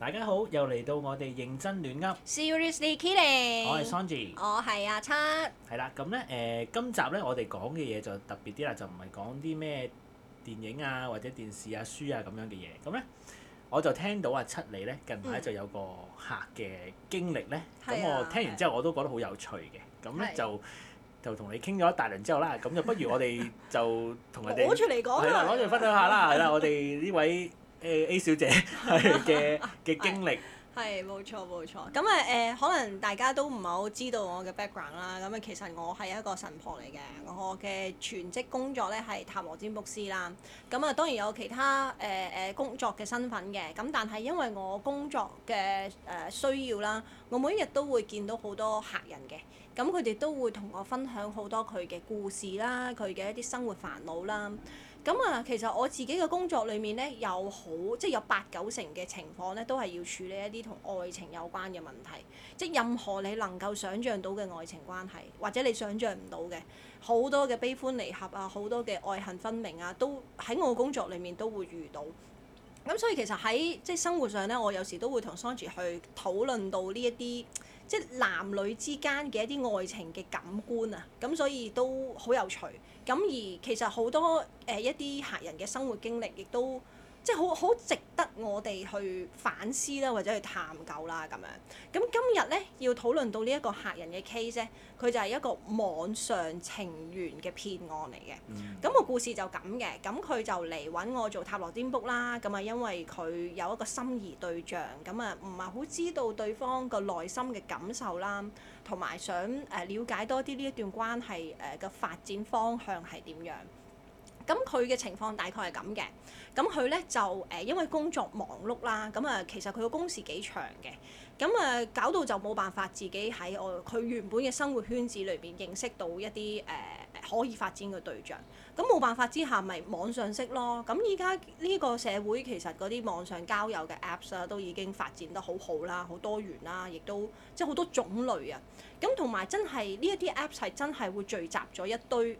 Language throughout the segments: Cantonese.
大家好，又嚟到我哋認真亂噏，Seriously Kidding，我係 Songi，我係阿七，係啦，咁呢，誒，今集呢我哋講嘅嘢就特別啲啦，就唔係講啲咩電影啊或者電視啊書啊咁樣嘅嘢，咁呢我就聽到阿七你呢近排就有個客嘅經歷呢，咁我聽完之後我都覺得好有趣嘅。咁就就同你傾咗一大輪之後啦，咁就不如我哋就同佢哋攞 出嚟講啦，攞出嚟分享下啦。係啦的， 我哋呢位誒 A 小姐嘅嘅 經歷係冇錯，冇錯。咁啊誒，可能大家都唔係好知道我嘅 background 啦。咁啊，其實我係一個神婆嚟嘅，我嘅全職工作咧係塔羅占卜師啦。咁啊，當然有其他誒誒、呃、工作嘅身份嘅。咁但係因為我工作嘅誒需要啦，我每一日都會見到好多客人嘅。咁佢哋都會同我分享好多佢嘅故事啦，佢嘅一啲生活煩惱啦。咁、嗯、啊，其實我自己嘅工作裏面呢，有好即係、就是、有八九成嘅情況呢，都係要處理一啲同愛情有關嘅問題。即、就、係、是、任何你能夠想像到嘅愛情關係，或者你想像唔到嘅，好多嘅悲歡離合啊，好多嘅愛恨分明啊，都喺我工作裏面都會遇到。咁所以其實喺即係生活上呢，我有時都會同桑 o 去討論到呢一啲。即男女之間嘅一啲愛情嘅感官啊，咁所以都好有趣。咁而其實好多誒、呃、一啲客人嘅生活經歷，亦都～即係好好值得我哋去反思啦，或者去探究啦咁樣。咁今日咧要討論到呢一個客人嘅 case，佢就係一個網上情緣嘅騙案嚟嘅。咁個、嗯、故事就咁嘅，咁佢就嚟搵我做塔羅占卜啦。咁啊，因為佢有一個心儀對象，咁啊唔係好知道對方個內心嘅感受啦，同埋想誒瞭解多啲呢一段關係誒嘅發展方向係點樣。咁佢嘅情況大概係咁嘅，咁佢咧就誒、呃、因為工作忙碌啦，咁啊其實佢個工時幾長嘅，咁啊搞到就冇辦法自己喺我佢原本嘅生活圈子裏邊認識到一啲誒、呃、可以發展嘅對象，咁冇辦法之下咪、就是、網上識咯。咁依家呢個社會其實嗰啲網上交友嘅 Apps 啊，都已經發展得好好啦，好多元啦，亦都即係好多種類啊。咁同埋真係呢一啲 Apps 係真係會聚集咗一堆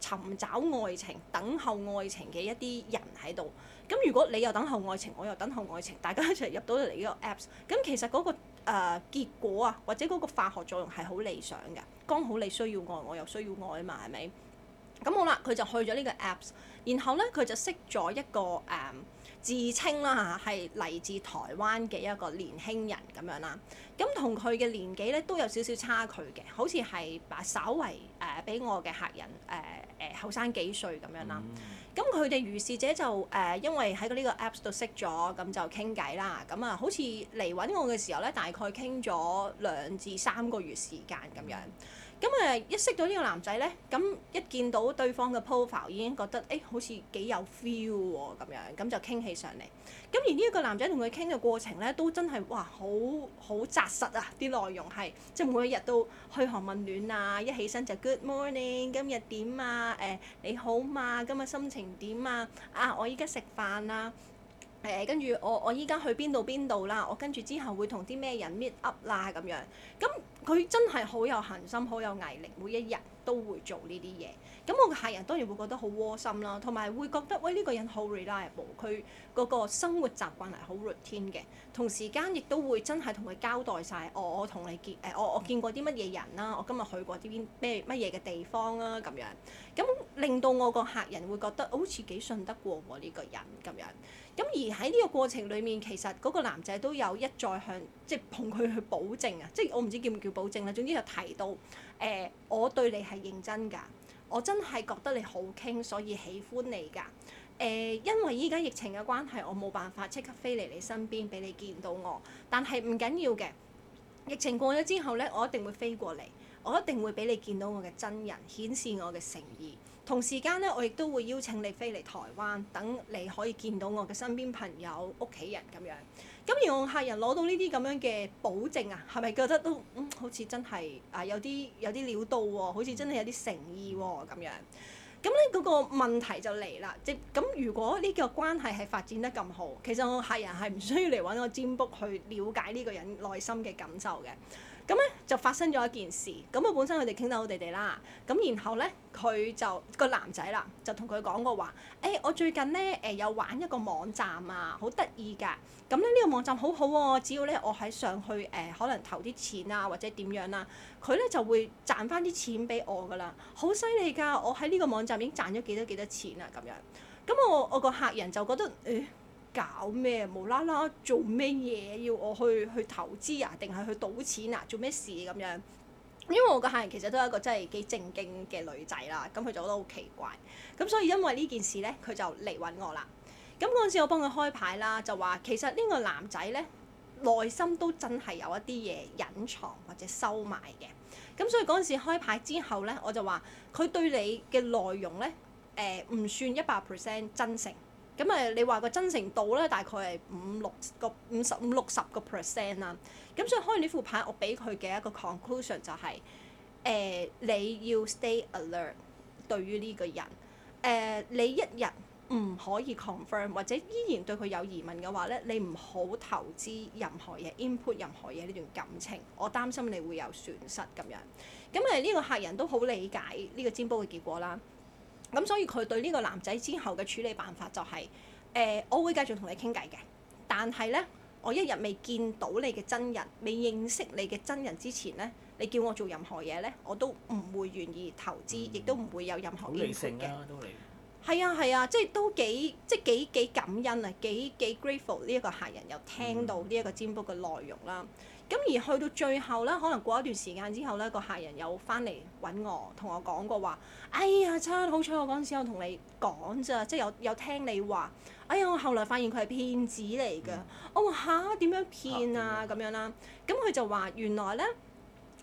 尋找愛情、等候愛情嘅一啲人喺度，咁如果你又等候愛情，我又等候愛情，大家一齊入到嚟呢個 apps，咁其實嗰、嗰個誒、呃、結果啊，或者嗰個化學作用係好理想嘅，剛好你需要愛，我又需要愛啊嘛，係咪？咁好啦，佢就去咗呢個 apps，然後呢，佢就識咗一個誒。呃自稱啦嚇，係嚟自台灣嘅一個年輕人咁樣啦。咁同佢嘅年紀咧都有少少差距嘅，好似係把稍為誒、呃、比我嘅客人誒誒後生幾歲咁樣啦。咁佢哋如是者就誒、呃，因為喺呢個 Apps 度識咗，咁就傾偈啦。咁啊，好似嚟揾我嘅時候咧，大概傾咗兩至三個月時間咁樣。咁誒、嗯、一識到呢個男仔呢，咁一見到對方嘅 profile 已經覺得誒、哎、好似幾有 feel 喎咁樣，咁就傾起上嚟。咁而呢一個男仔同佢傾嘅過程呢，都真係哇好好紮實啊！啲內容係即係每一日都噓寒問暖啊，一起身就 Good morning，今日點啊？誒、欸、你好嘛？今日心情點啊？啊我依家食飯啊。誒、嗯，跟住我我依家去邊度邊度啦，我跟住之後會同啲咩人 meet up 啦，咁樣，咁、嗯、佢真係好有恒心，好有毅力，每一日，都會做呢啲嘢，咁我個客人當然會覺得好窩心啦，同埋會覺得喂呢、呢個人好 reliable，佢嗰個生活習慣係好 routine 嘅，同時間亦都會真係同佢交代晒：哦「我同你見誒、呃、我我見過啲乜嘢人啦，我今日去過啲邊咩乜嘢嘅地方啦，啊、咁樣，咁令到我個客人會覺得好似幾信得過我呢個人咁樣，咁而喺呢個過程裡面，其實嗰個男仔都有一再向即係同佢去保證啊，即係我唔知叫唔叫保證啦，總之就提到。誒、呃，我對你係認真㗎，我真係覺得你好傾，所以喜歡你㗎。誒、呃，因為依家疫情嘅關係，我冇辦法即刻飛嚟你身邊俾你見到我，但係唔緊要嘅。疫情過咗之後咧，我一定會飛過嚟，我一定會俾你見到我嘅真人，顯示我嘅誠意。同時間咧，我亦都會邀請你飛嚟台灣，等你可以見到我嘅身邊朋友、屋企人咁樣。咁而我客人攞到呢啲咁樣嘅保證啊，係咪覺得都嗯好似真係啊有啲有啲料到喎，好似真係有啲誠意喎咁樣。咁咧嗰個問題就嚟啦，即咁如果呢個關係係發展得咁好，其實我客人係唔需要嚟搵我占卜去了解呢個人內心嘅感受嘅。咁咧、嗯、就發生咗一件事，咁、嗯、我本身佢哋傾得好哋哋啦，咁、嗯、然後咧佢就個男仔啦，就同佢講過話，誒、哎、我最近咧誒、呃、有玩一個網站啊，好得意㗎，咁咧呢個網站好好、啊、喎，只要咧我喺上去誒、呃、可能投啲錢啊或者點樣啦、啊，佢咧就會賺翻啲錢俾我㗎啦，好犀利㗎，我喺呢個網站已經賺咗幾多幾多錢啊？咁樣，咁、嗯嗯、我我個客人就覺得誒。哎搞咩？無啦啦做咩嘢？要我去去投資啊？定係去賭錢啊？做咩事咁、啊、樣？因為我嘅客人其實都係一個真係幾正經嘅女仔啦，咁佢就覺得好奇怪，咁所以因為呢件事咧，佢就嚟揾我啦。咁嗰陣時我幫佢開牌啦，就話其實呢個男仔咧內心都真係有一啲嘢隱藏或者收埋嘅。咁所以嗰陣時開牌之後咧，我就話佢對你嘅內容咧，誒、呃、唔算一百 percent 真誠。咁誒、嗯，你話個真誠度咧，大概係五六個五十五六十個 percent 啦。咁、嗯、所以開完呢副牌，我俾佢嘅一個 conclusion 就係、是：誒、呃，你要 stay alert 對於呢個人。誒、呃，你一日唔可以 confirm 或者依然對佢有疑問嘅話咧，你唔好投資任何嘢，input 任何嘢呢段感情。我擔心你會有損失咁樣。咁、嗯、誒，呢、嗯這個客人都好理解呢個占卜嘅結果啦。咁所以佢對呢個男仔之後嘅處理辦法就係、是，誒、呃，我會繼續同你傾偈嘅，但係呢，我一日未見到你嘅真人，未認識你嘅真人之前呢，你叫我做任何嘢呢，我都唔會願意投資，嗯、亦都唔會有任何嘅、啊。都理性啊，係啊係啊，即係都幾即係幾幾感恩啊，幾幾 grateful 呢一個客人又聽到呢一個占卜嘅內容啦。嗯嗯咁而去到最後咧，可能過一段時間之後咧，個客人有返嚟搵我，同我講過話，哎呀，真好彩我嗰陣時我同你講咋，即係有有聽你話。哎呀，我後來發現佢係騙子嚟㗎。嗯、我話吓？點樣騙啊？咁、嗯、樣啦。咁佢就話原來咧，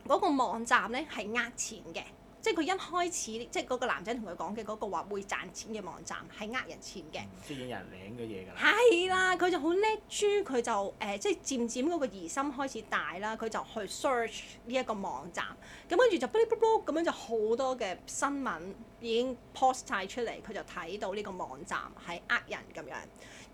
嗰、嗰個網站咧係呃錢嘅。即係佢一開始，即係嗰個男仔同佢講嘅嗰個話會賺錢嘅網站係呃人錢嘅、嗯。即係有人領嘅嘢㗎啦。係啦，佢就好叻豬，佢就誒、呃，即係漸漸嗰個疑心開始大啦，佢就去 search 呢一個網站，咁跟住就啵嚜啵嚜咁樣就好多嘅新聞已經 post 曬出嚟，佢就睇到呢個網站係呃人咁樣。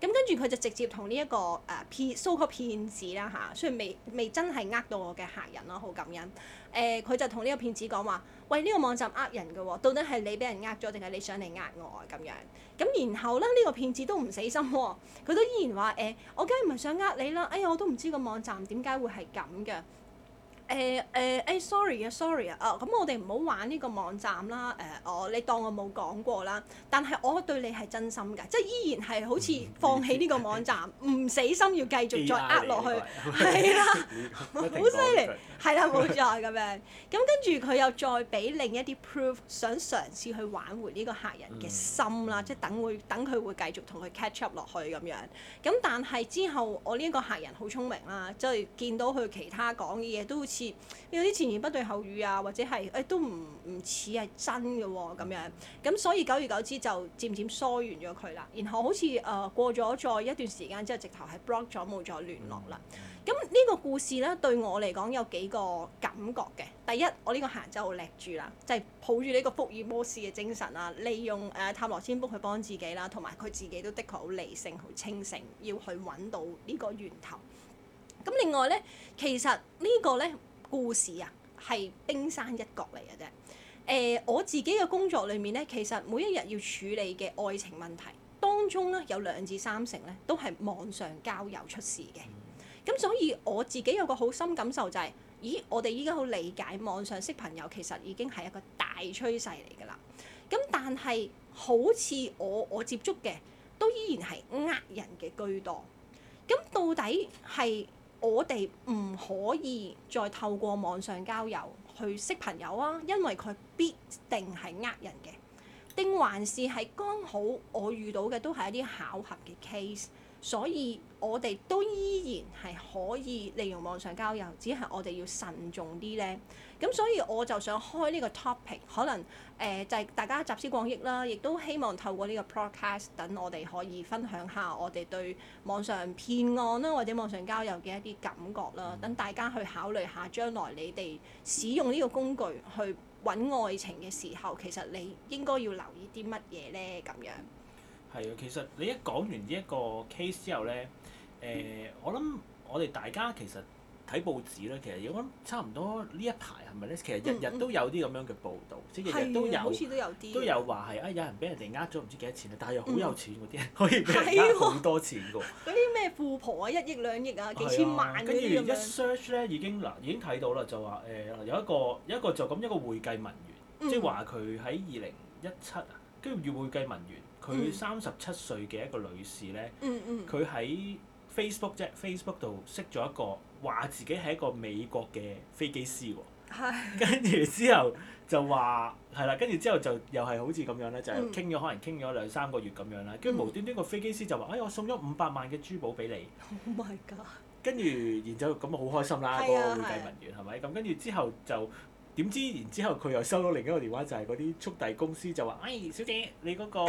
咁跟住佢就直接同呢一個誒、呃 so、騙子、啊，所謂騙子啦吓，雖然未未真係呃到我嘅客人咯，好感恩。誒佢、呃、就同呢個騙子講話，喂呢、呢個網站呃人嘅喎、哦，到底係你俾人呃咗定係你想嚟呃我啊咁樣？咁然後咧呢、呢個騙子都唔死心喎、哦，佢都依然話誒、哎，我梗係唔係想呃你啦，哎呀我都唔知個網站點解會係咁嘅。誒誒誒，sorry 啊 sorry 啊，咁、哦、我哋唔好玩呢個網站啦。誒、哦、我你當我冇講過啦，但係我對你係真心㗎，即係依然係好似放棄呢個網站，唔 死心要繼續再呃落去，係 啦，好犀利。 係啦，冇 錯咁樣。咁跟住佢又再俾另一啲 proof，想嘗試去挽回呢個客人嘅心啦，嗯、即係等會等佢會繼續同佢 catch up 落去咁樣。咁但係之後我呢一個客人好聰明啦，即、就、係、是、見到佢其他講嘅嘢都好似有啲前言不對後語啊，或者係誒、欸、都唔唔似係真嘅喎咁樣。咁所以久而久之就漸漸疏遠咗佢啦。然後好似誒、呃、過咗再一段時間之後，直頭係 block 咗冇再聯絡啦。嗯嗯。咁呢個故事咧，對我嚟講有幾個感覺嘅。第一，我呢個行舟好叻住啦，就係、是、抱住呢個福爾摩斯嘅精神啦，利用誒塔、呃、羅占卜去幫自己啦，同埋佢自己都的確好理性、好清醒，要去揾到呢個源頭。咁另外咧，其實個呢個咧故事啊，係冰山一角嚟嘅啫。誒、呃，我自己嘅工作裏面咧，其實每一日要處理嘅愛情問題，當中咧有兩至三成咧，都係網上交友出事嘅。咁所以我自己有個好深感受就係、是，咦，我哋依家好理解網上識朋友其實已經係一個大趨勢嚟㗎啦。咁但係好似我我接觸嘅都依然係呃人嘅居多。咁到底係我哋唔可以再透過網上交友去識朋友啊？因為佢必定係呃人嘅，定還是係剛好我遇到嘅都係一啲巧合嘅 case？所以我哋都依然係可以利用網上交友，只係我哋要慎重啲呢。咁所以我就想開呢個 topic，可能誒、呃、就係、是、大家集思廣益啦，亦都希望透過呢個 podcast，等我哋可以分享下我哋對網上騙案啦，或者網上交友嘅一啲感覺啦，等大家去考慮下將來你哋使用呢個工具去揾愛情嘅時候，其實你應該要留意啲乜嘢呢？咁樣。係啊，其實你一講完呢一個 case 之後咧，誒、呃，嗯、我諗我哋大家其實睇報紙咧，其實我諗差唔多呢一排係咪咧？其實日日都有啲咁樣嘅報道，嗯嗯即係日日都有，都有話係啊，有人俾人哋呃咗唔知幾多、嗯、多錢啊的，但係又好有錢嗰啲，可以俾好多錢嘅喎。嗰啲咩富婆啊，一億兩億啊，幾千萬嗰啲咁樣。一 search 咧已經嗱已經睇到啦，就話誒、呃、有一個有一個就咁一個會計文員，即係話佢喺二零一七啊，跟住做會計文員。佢三十七歲嘅一個女士咧，佢喺 Facebook 啫，Facebook 度識咗一個話自己係一個美國嘅飛機師喎，跟住之後就話係啦，跟住之後就又係好似咁樣呢，就係傾咗可能傾咗兩三個月咁樣啦，跟住無端端個飛機師就話：哎，我送咗五百萬嘅珠寶俾你。Oh my god！跟住然之後咁啊，好開心啦，個會計文員係咪？咁跟住之後就。點知，然之後佢又收到另一個電話，就係嗰啲速遞公司就話：，誒、 哎、小姐，你嗰個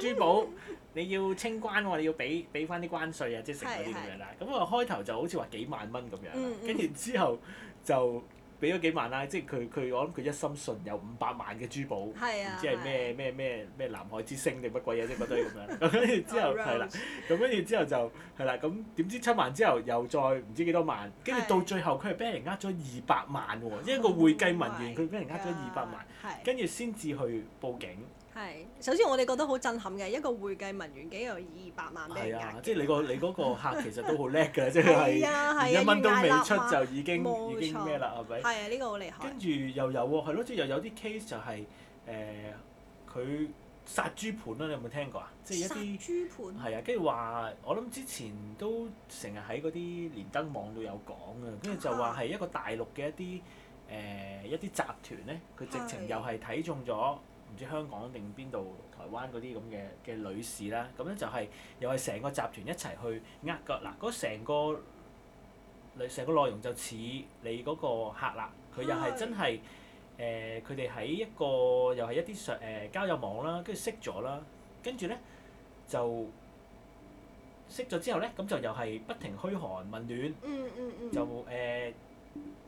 珠寶你要清關喎、哦，你要俾俾翻啲關稅啊，即係成嗰啲咁樣啦。咁啊是，開頭就好似話幾萬蚊咁樣，跟住、嗯嗯、之後就。俾咗幾萬啦，即係佢佢我諗佢一心信有五百萬嘅珠寶，啊，唔知係咩咩咩咩南海之星定乜鬼嘢啫，覺得係咁樣。咁跟住之後係啦，咁跟住之後就係啦。咁點知七萬之後又再唔知幾多萬，跟住到最後佢係俾人呃咗二百萬喎，啊，一個會計文員佢俾人呃咗二百萬，跟住先至去報警。係，首先我哋覺得好震撼嘅，一個會計文員幾有二百萬咩啊？ 即係你個你嗰個客其實都好叻㗎，即係、 啊、一蚊都未出就已經錯已經咩啦，係咪錯？係啊，呢、這個好厲害。跟住又有喎，係咯，即係又有啲 case 就係、是、誒，佢殺豬盤啦，你有冇聽過啊？即係一啲殺豬盤。係啊，跟住話我諗之前都成日喺嗰啲連登網度有講啊。跟住就話係一個大陸嘅一啲誒、呃、一啲集團咧，佢直情又係睇中咗。唔知香港定邊度，台灣嗰啲咁嘅嘅女士啦，咁咧就係又係成個集團一齊去呃個嗱，嗰成個女成個內容就似你嗰個客啦，佢又係真係誒，佢哋喺一個又係一啲上誒交友網啦，跟住識咗啦，跟住咧就識咗之後咧，咁就又係不停嘘寒問暖，嗯嗯嗯，就誒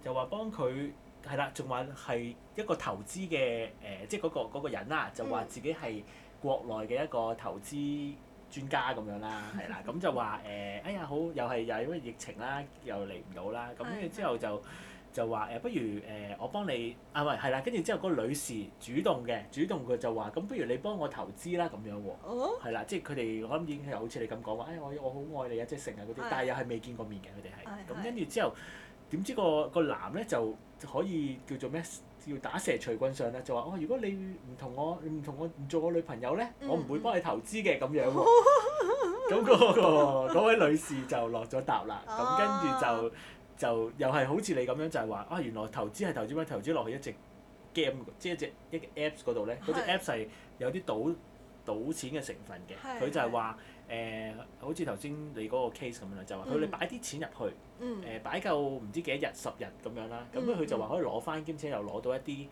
就話幫佢。係啦，仲話係一個投資嘅誒，即係嗰個嗰個人啦，就話自己係國內嘅一個投資專家咁樣啦，係啦，咁就話誒，哎呀好，又係又係因為疫情啦，又嚟唔到啦，咁跟住之後就就話誒，不如誒我幫你，啊，咪係啦？跟住之後個女士主動嘅，主動佢就話，咁不如你幫我投資啦咁樣喎，係啦，即係佢哋我諗已經係好似你咁講話，哎呀我我好愛你啊，即成日嗰啲，但係又係未見過面嘅佢哋係，咁跟住之後。點知個個男咧就可以叫做咩？叫打蛇隨棍上啦，就話哦，如果你唔同我，你唔同我唔做我女朋友咧，嗯、我唔會幫你投資嘅咁樣喎、啊。咁、 那個嗰位、那個那個、女士就落咗答啦。咁跟住就就又係好似你咁樣就係、是、話，啊原來投資係投資咩？投資落去一隻 game，即係一隻一 apps 嗰度咧，嗰隻 apps 係有啲賭是賭錢嘅成分嘅。佢是就係話。誒、呃，好似頭先你嗰個 case 咁樣啦，就話佢你擺啲錢入去，誒擺夠唔知幾多日十日咁樣啦，咁佢就話可以攞返，兼且又攞到一啲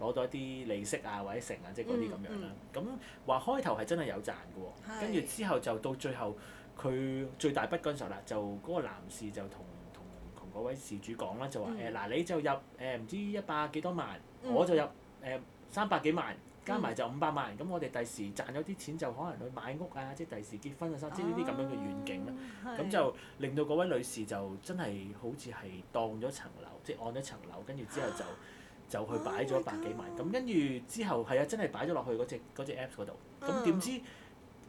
攞到一啲利息啊或者成啊，即係嗰啲咁樣啦。咁話開頭係真係有賺㗎喎，跟住、嗯、之後就到最後佢最大筆嗰陣時啦，就嗰個男士就同同同嗰位事主講啦，就話誒嗱你就入誒唔、呃、知一百幾多，嗯呃、多萬，我就入誒三百幾萬。嗯、加埋就五百萬，咁我哋第時賺咗啲錢就可能去買屋啊，即係第時結婚啊，即係呢啲咁樣嘅遠景啦。咁、哦、就令到嗰位女士就真係好似係當咗層樓，即係按咗層樓，跟住之後就就去擺咗百幾萬。咁跟住之後係啊，真係擺咗落去嗰隻隻 Apps 嗰度。咁、那、點、個、知誒、哦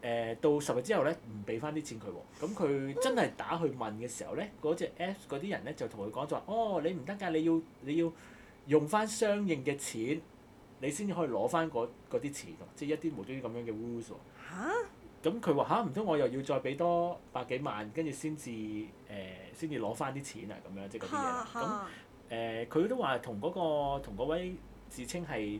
呃、到十日之後咧，唔俾翻啲錢佢喎。咁佢真係打去問嘅時候咧，嗰、那、隻、個、Apps 嗰啲人咧就同佢講就話：哦，你唔得㗎，你要你要，你要用翻相應嘅錢。你先可以攞翻嗰啲錢喎，即係一啲無端端咁樣嘅 rules 喎。咁佢話吓，唔通、啊、我又要再俾多百幾萬，跟住先至誒，先至攞翻啲錢啊？咁樣即係嗰啲嘢。咁誒，佢、呃、都話同嗰、嗰個同嗰位自稱係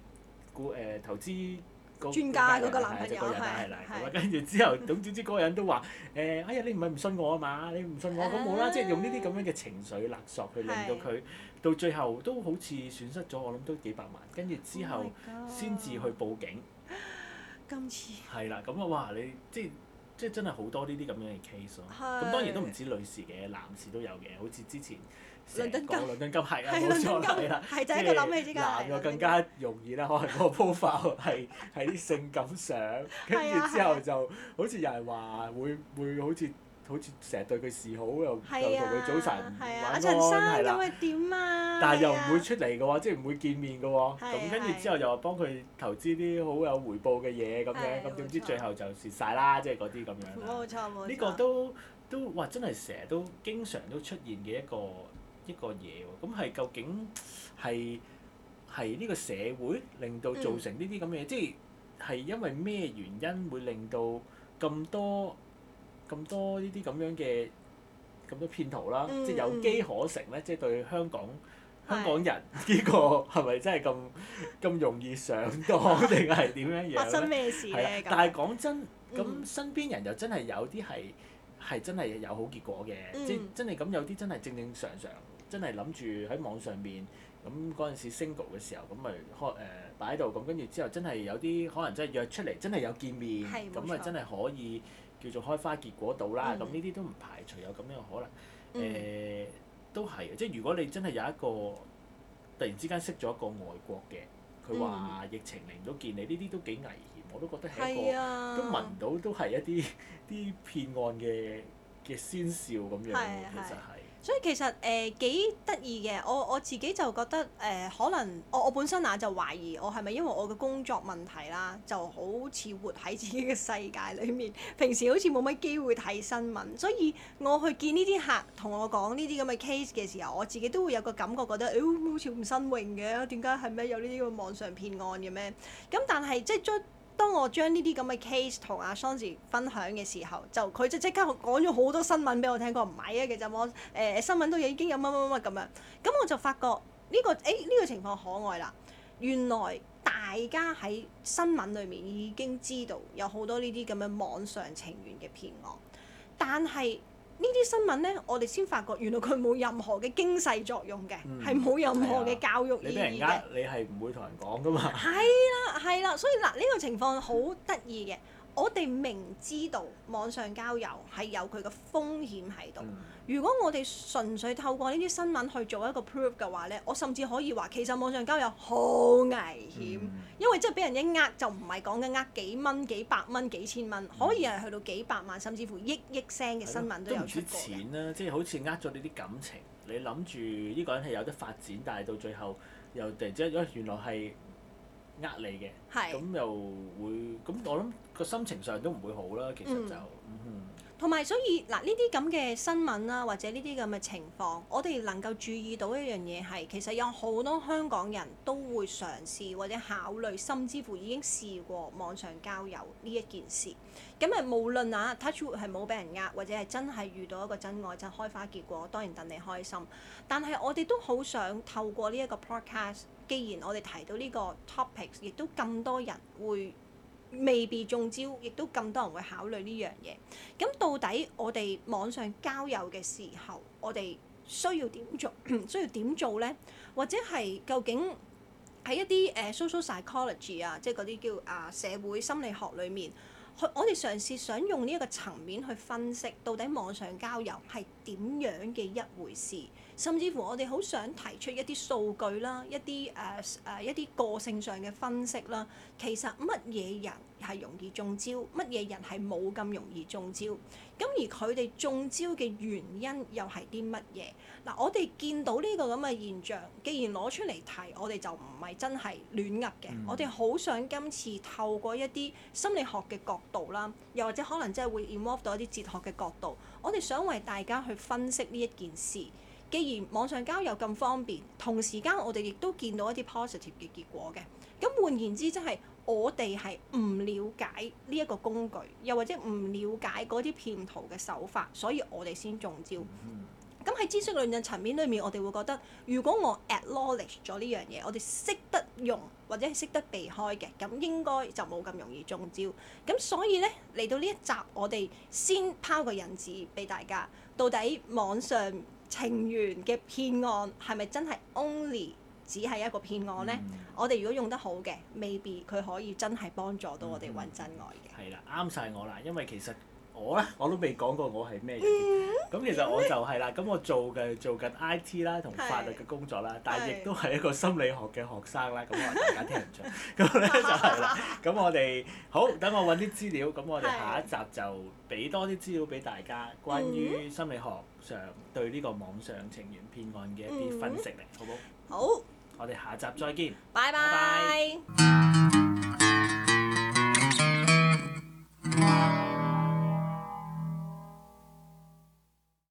股誒、呃、投資。專家嗰個男朋友，跟住之後總之之個人都話：誒， 哎呀，你唔係唔信我啊嘛？你唔信我咁冇啦，即係用呢啲咁樣嘅情緒勒索去令到佢，到最後都好似損失咗，我諗都幾百萬。跟住之後先至去報警。今次、oh my？係 啦，咁啊哇！你即係即係真係好多呢啲咁樣嘅 case 咯。咁的當然都唔止女士嘅，男士都有嘅，好似之前。倫敦金，倫敦金係冇錯啦，係就喺度個諗起啲㗎。男嘅更加容易啦，可能個 profile 係喺性感上，跟住之後就好似有人話會會好似好似成日對佢示好又又同佢早晨玩開係咁會點啊？但係又唔會出嚟嘅喎，即係唔會見面嘅喎。咁跟住之後又話幫佢投資啲好有回報嘅嘢咁樣，咁點知最後就蝕晒啦，即係嗰啲咁樣。冇錯，冇錯。呢個都都哇！真係成日都經常都出現嘅一個。呢個嘢喎，咁係究竟係係呢個社會令到造成呢啲咁嘅嘢？即係係因為咩原因會令到咁多咁多呢啲咁樣嘅咁多騙徒啦，即係有機可乘咧。即係對香港香港人呢個係咪真係咁咁容易上當，定係點樣樣發生咩事？但係講真，咁身邊人又真係有啲係係真係有好結果嘅，即係真係咁有啲真係正正常常。真係諗住喺網上面，咁嗰陣時 single 嘅時候，咁咪開誒擺喺度，咁跟住之後真係有啲可能真係約出嚟，真係有見面，咁咪是真係可以叫做開花結果到啦。咁呢啲都唔排除有咁樣嘅可能。誒、呃，嗯、都係即係如果你真係有一個突然之間識咗一個外國嘅，佢話疫情嚟唔到見你，呢啲都幾危險，我都覺得係個、啊、都聞到都係一啲啲騙案嘅嘅先兆咁樣，其實係。所以其實誒幾得意嘅，我我自己就覺得誒、呃、可能我我本身啊就懷疑我係咪因為我嘅工作問題啦，就好似活喺自己嘅世界裡面，平時好似冇乜機會睇新聞，所以我去見呢啲客同我講呢啲咁嘅 case 嘅時候，我自己都會有個感覺，覺得誒、哎、好似唔新穎嘅，點解係咩有呢啲咁嘅網上騙案嘅咩？咁但係即係將，就是當我將呢啲咁嘅 case 同阿 Songi 分享嘅時候，就佢就即刻講咗好多新聞俾我聽，講唔係啊，其實我誒、呃、新聞都已經有乜乜乜咁樣。咁我就發覺呢、呢個誒呢、欸呢個情況可愛啦，原來大家喺新聞裏面已經知道有好多呢啲咁嘅網上情緣嘅騙案，但係。呢啲新聞呢，我哋先發覺，原來佢冇任何嘅經濟作用嘅，係冇、嗯、任何嘅教育意義嘅。你畀人家你係唔會同人講噶嘛？係啦，係啦，所以嗱，呢個情況好得意嘅。嗯我哋明知道網上交友係有佢嘅風險喺度。嗯、如果我哋純粹透過呢啲新聞去做一個 prove 嘅話呢，我甚至可以話其實網上交友好危險，嗯、因為即係俾人一呃就唔係講緊呃幾蚊、幾百蚊、幾千蚊，嗯、可以係去到幾百萬，甚至乎億億聲嘅新聞都有出過。跟住、嗯、錢啦、啊，即係好似呃咗呢啲感情，你諗住呢個人係有得發展，但係到最後又突然之間，原來係呃你嘅，咁又會咁我諗。個心情上都唔會好啦，其實就同埋、嗯嗯、所以嗱，呢啲咁嘅新聞啦、啊，或者呢啲咁嘅情況，我哋能夠注意到一樣嘢係，其實有好多香港人都會嘗試或者考慮，甚至乎已經試過網上交友呢一件事。咁啊，無論啊，touchwood 係冇俾人呃，或者係真係遇到一個真愛，就開花結果，當然等你開心。但係我哋都好想透過呢一個 podcast，既然我哋提到呢個 topics，亦都咁多人會，未必中招，亦都咁多人會考慮呢樣嘢。咁到底我哋網上交友嘅時候，我哋需要點做？ 需要點做呢？或者係究竟喺一啲誒、uh, social psychology 啊，即係嗰啲叫啊、uh, 社會心理學裡面，我哋嘗試想用呢一個層面去分析，到底網上交友係點樣嘅一回事，甚至乎我哋好想提出一啲數據啦，一啲誒誒一啲個性上嘅分析啦，其實乜嘢人係容易中招，乜嘢人係冇咁容易中招？咁而佢哋中招嘅原因又係啲乜嘢？嗱，我哋見到呢個咁嘅現象，既然攞出嚟睇，我哋就唔係真係亂噏嘅。嗯、我哋好想今次透過一啲心理學嘅角度啦，又或者可能真係會 involve 到一啲哲學嘅角度，我哋想為大家去分析呢一件事。既然網上交友咁方便，同時間我哋亦都見到一啲 positive 嘅結果嘅。咁換言之，真係。我哋係唔了解呢一個工具，又或者唔了解嗰啲騙徒嘅手法，所以我哋先中招。咁喺知識論證嘅層面裏面，我哋會覺得，如果我 acknowledge 咗呢樣嘢，我哋識得用或者係識得避開嘅，咁應該就冇咁容易中招。咁所以呢，嚟到呢一集，我哋先拋個引子俾大家，到底網上情緣嘅騙案係咪真係 only？只係一個騙案呢。嗯、我哋如果用得好嘅未必佢可以真係幫助到我哋揾真愛嘅。係啦、嗯，啱晒我啦，因為其實我咧我都未講過我係咩嘢，咁、嗯、其實我就係啦，咁我做嘅做緊 IT 啦同法律嘅工作啦，是但係亦都係一個心理學嘅學生啦，咁我的、嗯嗯、大家聽唔著，咁咧 就係、是、啦，咁我哋好，等我揾啲資料，咁我哋下一集就俾的、嗯、多啲資料俾大家，關於心理學上對呢個網上情緣騙案嘅一啲分析嚟、嗯，好唔好？好。我哋下集再見，拜拜。